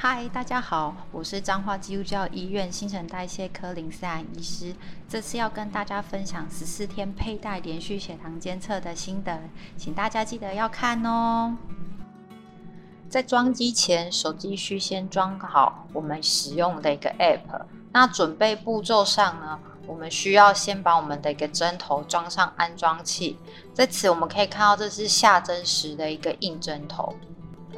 嗨，Hi, 大家好，我是彰化基督教醫院新陳代謝科林思涵醫師。這次要跟大家分享十四天佩戴連續血糖監測的心得，請大家記得要看哦。在裝機前，手機需先裝好我們使用的一個 App。那準備步驟上呢，我們需要先把我們的一個針頭裝上安裝器。在此我們可以看到，這是下針時的一個硬針頭。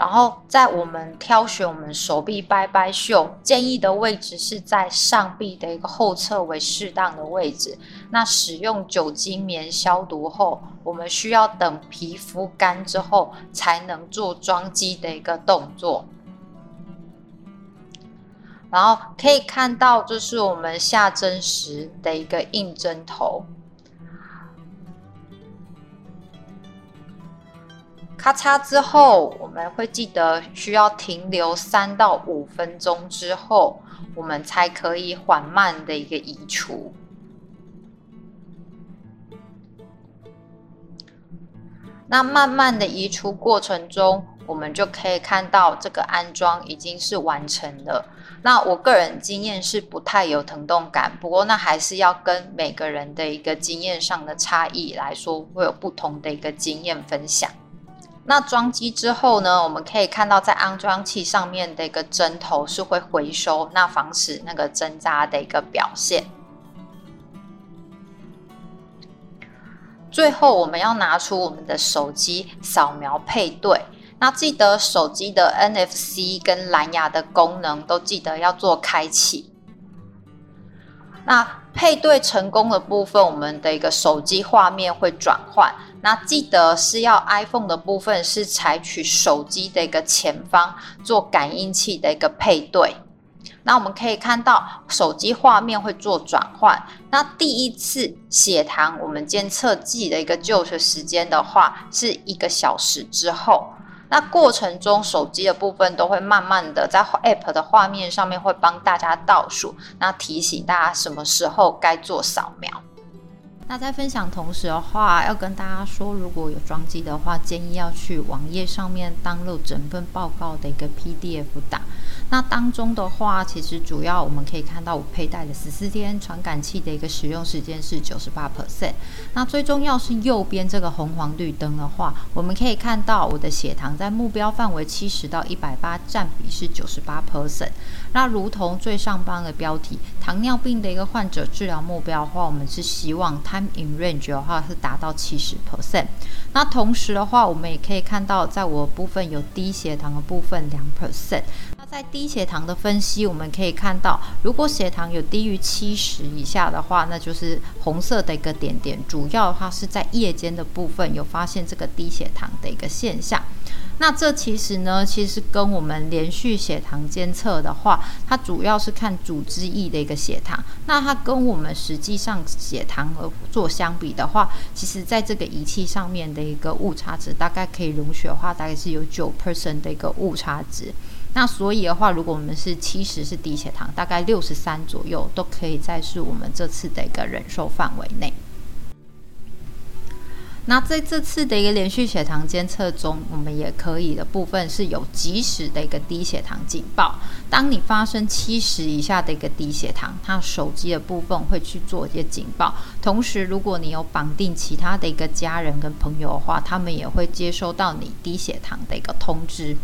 然後，在我們挑選我們手臂掰掰袖，建議的位置是在上臂的一個後側為適當的位置，那使用酒精棉消毒後，我們需要等皮膚乾之後才能做裝機的一個動作。然後可以看到，這是我們下針時的一個硬針頭。咔嚓之後，我們會記得需要停留三到五分鐘之後，我們才可以緩慢的一個移除。那慢慢的移除過程中，我們就可以看到這個安裝已經是完成了。那我個人經驗是不太有疼痛感，不過那還是要跟每個人的一個經驗上的差異來說，會有不同的一個經驗分享。那裝機之後呢，我們可以看到，在安裝器上面的一個針頭是會回收，那防止那個針扎的一個表現。最後，我們要拿出我們的手機掃描配對。那記得手機的 NFC 跟藍牙的功能都記得要做開啟。那配對成功的部分，我們的一個手機畫面會轉換。那記得是要 iPhone 的部分是採取手機的一個前方做感應器的一個配對。那我們可以看到手機畫面會做轉換。那第一次血糖我們監測儀的一個就學時間的話是一個小時之後。那過程中手機的部分都會慢慢的在 App 的畫面上面會幫大家倒數，那提醒大家什麼時候該做掃描。那在分享同時的話，要跟大家說，如果有裝機的話，建議要去網頁上面登錄整份報告的一個 PDF 檔。那當中的話，其實主要我們可以看到，我佩戴的十四天傳感器的一個使用時間是九十八 percent。那最重要是右邊這個紅黃綠燈的話，我們可以看到我的血糖在目標範圍七十到一百八，佔比是九十八 percent。那如同最上方的標題，糖尿病的一個患者治療目標的話，我們是希望 time in range 的話是達到七十 percent。那同時的話，我們也可以看到，在我部分有低血糖的部分兩 percent。在低血糖的分析，我們可以看到，如果血糖有低於七十以下的話，那就是紅色的一個點點。主要的話是在夜間的部分有發現這個低血糖的一個現象。那這其實呢，其實跟我們連續血糖監測的話，它主要是看組織液的一個血糖。那它跟我們實際上血糖而做相比的話，其實在這個儀器上面的一個誤差值，大概可以容血的話，大概是有九 p e r n 的一個誤差值。那所以的話，如果我們是七十是低血糖，大概六十三左右都可以在是我們這次的一個忍受範圍內。那在這次的一個連續血糖監測中，我們也可以的部分是有即時的一個低血糖警報。當你發生七十以下的一個低血糖，他手機的部分會去做一些警報。同時，如果你有綁定其他的一個家人跟朋友的話，他們也會接收到你低血糖的一個通知。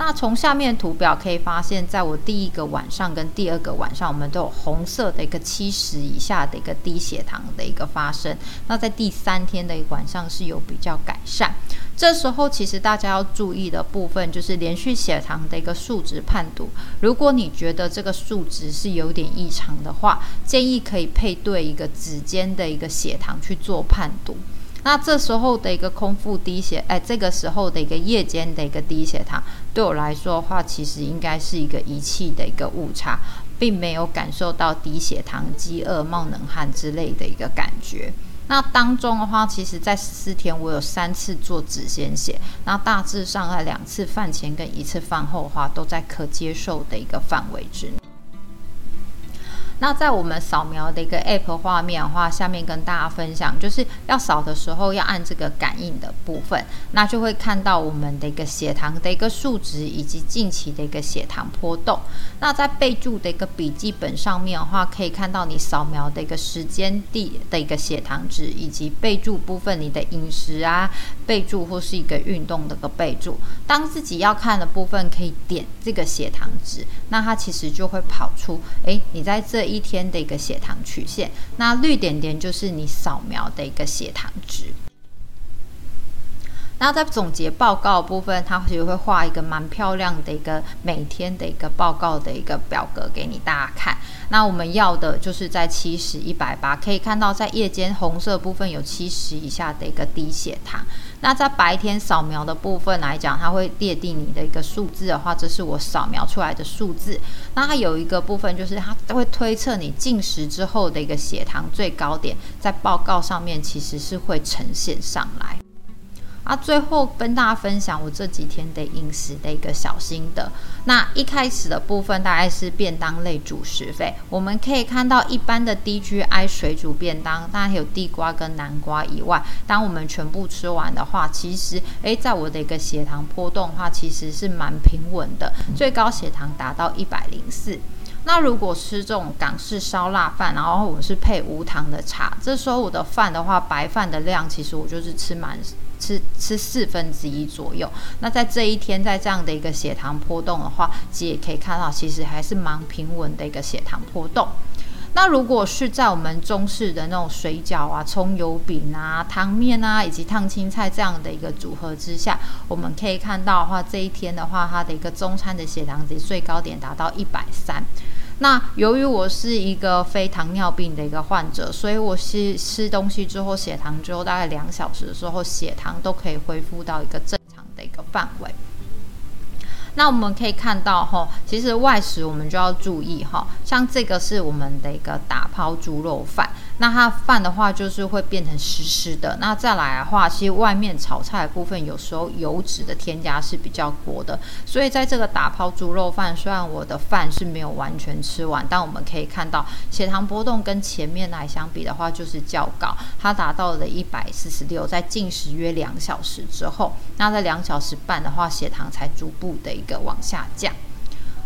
那從下面圖表可以發現，在我第一個晚上跟第二個晚上，我們都有紅色的一個七十以下的一個低血糖的一個發生。那在第三天的一個晚上是有比較改善。這時候其實大家要注意的部分就是連續血糖的一個數值判讀。如果你覺得這個數值是有點異常的話，建議可以配對一個指尖的一個血糖去做判讀。那這時候的一個空腹低血，哎，這個時候的一個夜間的一個低血糖，對我來說的話，其實應該是一個儀器的一個誤差，並沒有感受到低血糖、飢餓、冒冷汗之類的一個感覺。那當中的話，其實在十四天我有三次做指尖血，那大致上在兩次飯前跟一次飯後的話，都在可接受的一個範圍之內。那在我們掃描的一個 App 畫面的話，下面跟大家分享，就是要掃的時候要按這個感應的部分，那就會看到我們的一個血糖的一個數值以及近期的一個血糖波動。那在備注的一個筆記本上面的話，可以看到你掃描的一個時間地的一個血糖值以及備注部分你的飲食啊、備注或是一個運動的一個備注。當自己要看的部分可以點這個血糖值，那它其實就會跑出，誒，你在這。一天的一個血糖曲線，那綠點點就是你掃描的一個血糖值。然後在總結報告部分，它其實會畫一個蠻漂亮的一個每天的一個報告的一個表格給你大家看。那我們要的就是在七十、一百八，可以看到在夜間紅色部分有七十以下的一個低血糖。那在白天掃描的部分來講，它會列定你的一個數字的話，這是我掃描出來的數字。那它有一個部分就是，它會推測你進食之後的一個血糖最高點，在報告上面其實是會呈現上來。那、啊、最後跟大家分享我這幾天的飲食的一個小心得。那一開始的部分大概是便當類主食費，我們可以看到一般的低 GI 水煮便當，當然還有地瓜跟南瓜以外，當我們全部吃完的話，其實誒，在我的一個血糖波動的話，其實是蠻平穩的，最高血糖達到一百零四。那如果吃這種港式燒臘飯，然後我是配無糖的茶，這時候我的飯的話，白飯的量其實我就是吃滿。吃吃四分之一左右，那在這一天，在這樣的一個血糖波動的話，其實也可以看到，其實還是蠻平穩的一個血糖波動。那如果是在我們中式的那種水餃啊、蔥油餅啊、湯麵啊，以及燙青菜這樣的一個組合之下，我們可以看到的話，這一天的話，它的一個中餐的血糖值最高點達到一百三。那由於我是一個非糖尿病的一個患者，所以我是吃東西之後，血糖之後大概兩小時的時候，血糖都可以恢復到一個正常的一個範圍。那我們可以看到吼，其實外食我們就要注意吼像這個是我們的一個打拋豬肉飯，那它飯的話就是會變成濕濕的。那再來的話，其實外面炒菜的部分有時候油脂的添加是比較多的，所以在這個打拋豬肉飯，雖然我的飯是沒有完全吃完，但我們可以看到血糖波動跟前面來相比的話就是較高，它達到了一百四十六，在進食約兩小時之後，那在兩小時半的話血糖才逐步的一個往下降。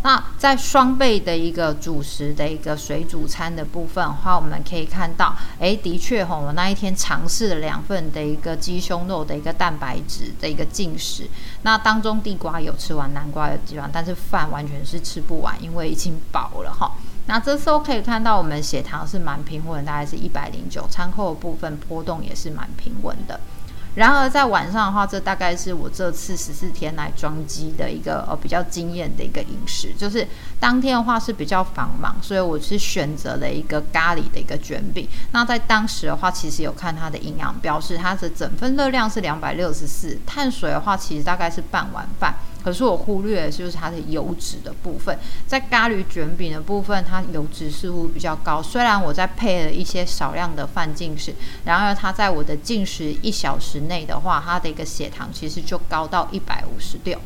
那在雙倍的一個主食的一個水煮餐的部分的話，我們可以看到，誒，的確吼，我那一天嘗試了兩份的一個雞胸肉的一個蛋白質的一個進食，那當中地瓜有吃完，南瓜有吃完，但是飯完全是吃不完，因為已經飽了吼。那這時候可以看到，我們血糖是蠻平穩，大概是一百零九，餐後的部分波動也是蠻平穩的。然而在晚上的話，這大概是我這次十四天來裝機的一個呃、哦、比較驚艷的一個飲食，就是當天的話是比較繁忙，所以我是選擇了一個咖喱的一個捲餅。那在當時的話，其實有看它的營養標示，它的整份熱量是兩百六十四，碳水的話其實大概是半碗飯。可是我忽略的就是它的油脂的部分，在咖喱卷餅的部分，它油脂似乎比較高。雖然我在配了一些少量的飯進食，然而它在我的進食一小時內的話，它的一個血糖其實就高到一百五十六。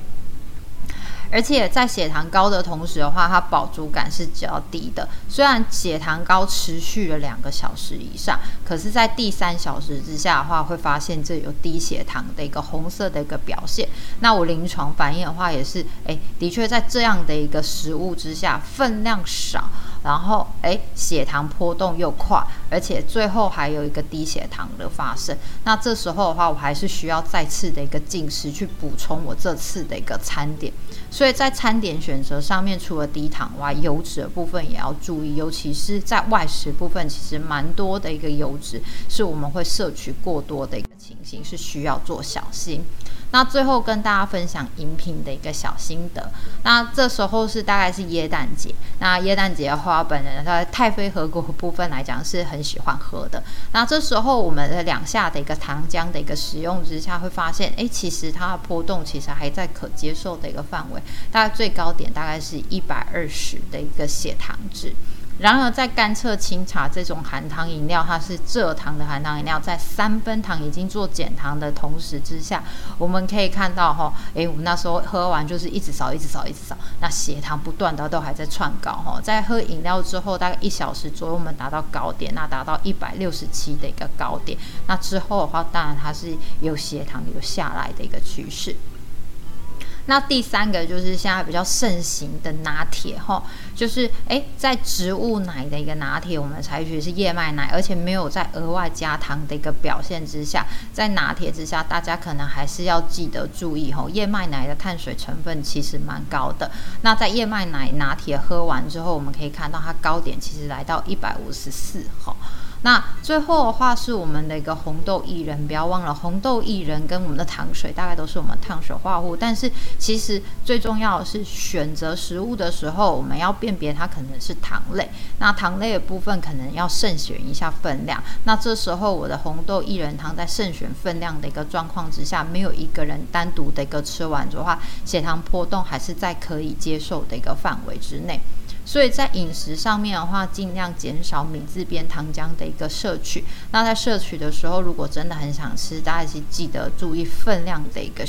而且在血糖高的同時的話，它飽足感是比較低的。雖然血糖高持續了兩個小時以上，可是，在第三小時之下的話，會發現這有低血糖的一個紅色的一個表現。那我臨床反應的話，也是，哎、欸，的確在這樣的一個食物之下，分量少。然後，哎，血糖波動又快，而且最後還有一個低血糖的發生。那這時候的話，我還是需要再次的一個進食去補充我這次的一個餐點。所以在餐點選擇上面，除了低糖外，油脂的部分也要注意，尤其是在外食部分，其實蠻多的一個油脂是我們會攝取過多的一個。情形是需要做小心，那最後跟大家分享飲品的一個小心得。那這時候是大概是耶誕節。那耶誕節的話，本人在太妃核果部分來講是很喜歡喝的。那這時候我們的兩下的一個糖漿的一個使用之下，會發現，誒、欸，其實它的波動其實還在可接受的一個範圍。大概最高點大概是一百二十的一個血糖值。然而，在甘蔗清茶這種含糖飲料，它是蔗糖的含糖飲料，在三分糖已經做減糖的同時之下，我們可以看到哈，誒，我們那時候喝完就是一直掃，一直掃，一直掃，那血糖不斷的都還在竄高哈，在喝飲料之後大概一小時左右，我們達到高點，那達到一百六十七的一個高點，那之後的話，當然它是有血糖有下來的一個趨勢。那第三個就是現在比較盛行的拿鐵哈、哦，就是誒，在植物奶的一個拿鐵，我們採取是燕麥奶，而且沒有再額外加糖的一個表現之下，在拿鐵之下，大家可能還是要記得注意哈，哦、燕麥奶的碳水成分其實蠻高的。那在燕麥奶拿鐵喝完之後，我們可以看到它高點其實來到一百五十四哈。那最後的話是我們的一個紅豆薏仁，不要忘了，紅豆薏仁跟我們的糖水大概都是我們的碳水化合物，但是其實最重要的是選擇食物的時候，我們要辨別它可能是糖類，那糖類的部分可能要慎選一下分量。那這時候我的紅豆薏仁湯在慎選分量的一個狀況之下，沒有一個人單獨的一個吃完的話，血糖波動還是在可以接受的一個範圍之內。所以在飲食上面的話，儘量減少“米”字邊糖漿的一個攝取。那在攝取的時候，如果真的很想吃，大家是記得注意分量的一個。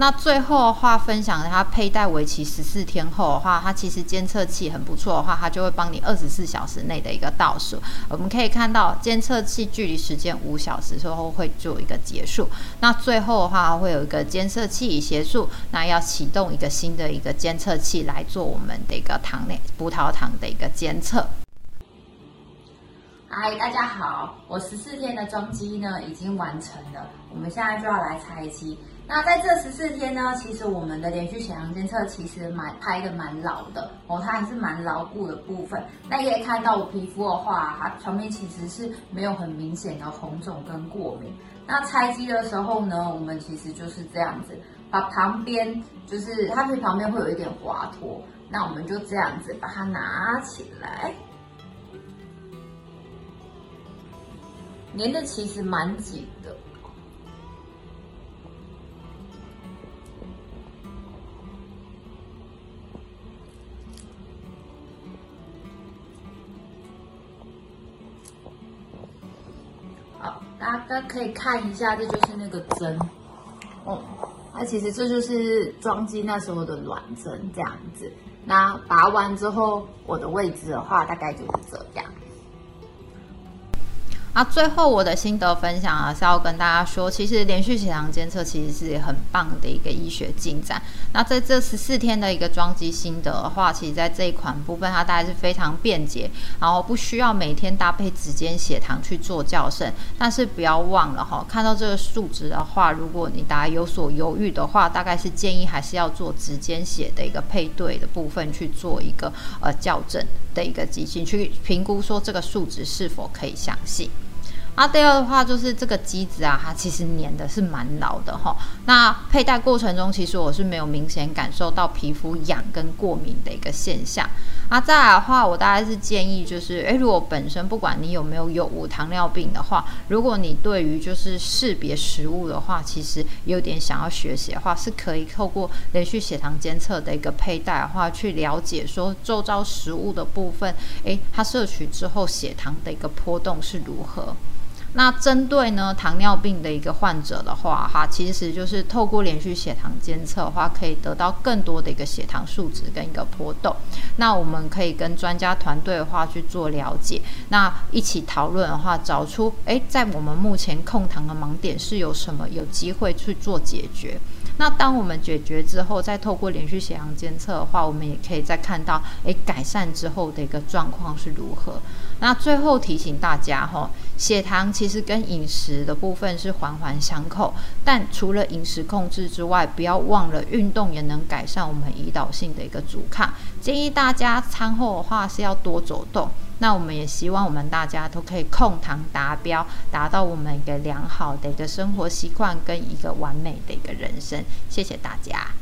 那最後的話，分享它佩戴為期十四天後的話，它其實監測器很不錯的話，它就會幫你二十四小時內的一個倒數。我們可以看到監測器距離時間五小時之後會做一個結束。那最後的話會有一個監測器已結束，那要啟動一個新的一個監測器來做我們的一個糖類葡萄糖的一個監測。嗨，大家好，我十四天的裝機呢已經完成了，我們現在就要來拆機。那在這十四天呢，其實我們的連續血糖監測其實拍得蠻拍的蠻牢的哦，它還是蠻牢固的部分。那你可以看到我皮膚的話，它表面其實是沒有很明顯的紅腫跟過敏。那拆機的時候呢，我們其實就是這樣子，把旁邊就是它可旁邊會有一點滑脫，那我們就這樣子把它拿起來，粘的其實蠻緊的。好，大家可以看一下，這就是那個針，哦、嗯，那、啊、其實這就是裝機那時候的軟針這樣子。那拔完之後，我的位置的話，大概就是這樣。那、啊、最後我的心得分享啊，是要跟大家說，其實連續血糖監測其實是很棒的一個醫學進展。那在這十四天的一個裝機心得的話，其實，在這一款部分，它大概是非常便捷，然後不需要每天搭配指尖血糖去做校正。但是不要忘了哈，看到這個數值的話，如果你大家有所猶豫的話，大概是建議還是要做指尖血的一個配對的部分去做一個呃校正的一個機器去評估說這個數值是否可以相信。那第二的話，就是這個機子啊，它其實粘的是蠻牢的哈。那佩戴過程中，其實我是沒有明顯感受到皮膚癢跟過敏的一個現象。啊，再來的話，我大概是建議就是，誒，如果本身不管你有沒有有無糖尿病的話，如果你對於就是識別食物的話，其實有點想要學習的話，是可以透過連續血糖監測的一個佩戴的話，去了解說周遭食物的部分，誒，它攝取之後血糖的一個波動是如何。那針對呢糖尿病的一個患者的話，哈，其實就是透過連續血糖監測的話，可以得到更多的一個血糖數值跟一個波動。那我們可以跟專家團隊的話去做了解，那一起討論的話，找出哎，在我們目前控糖的盲點是有什麼，有機會去做解決。那當我們解決之後，再透過連續血糖監測的話，我們也可以再看到哎，改善之後的一個狀況是如何。那最後提醒大家哈。血糖其實跟飲食的部分是環環相扣，但除了飲食控制之外，不要忘了運動也能改善我們胰島素的一個阻抗。建議大家餐後的話是要多走動。那我們也希望我們大家都可以控糖達標，達到我們一個良好的一個生活習慣跟一個完美的一個人生。謝謝大家。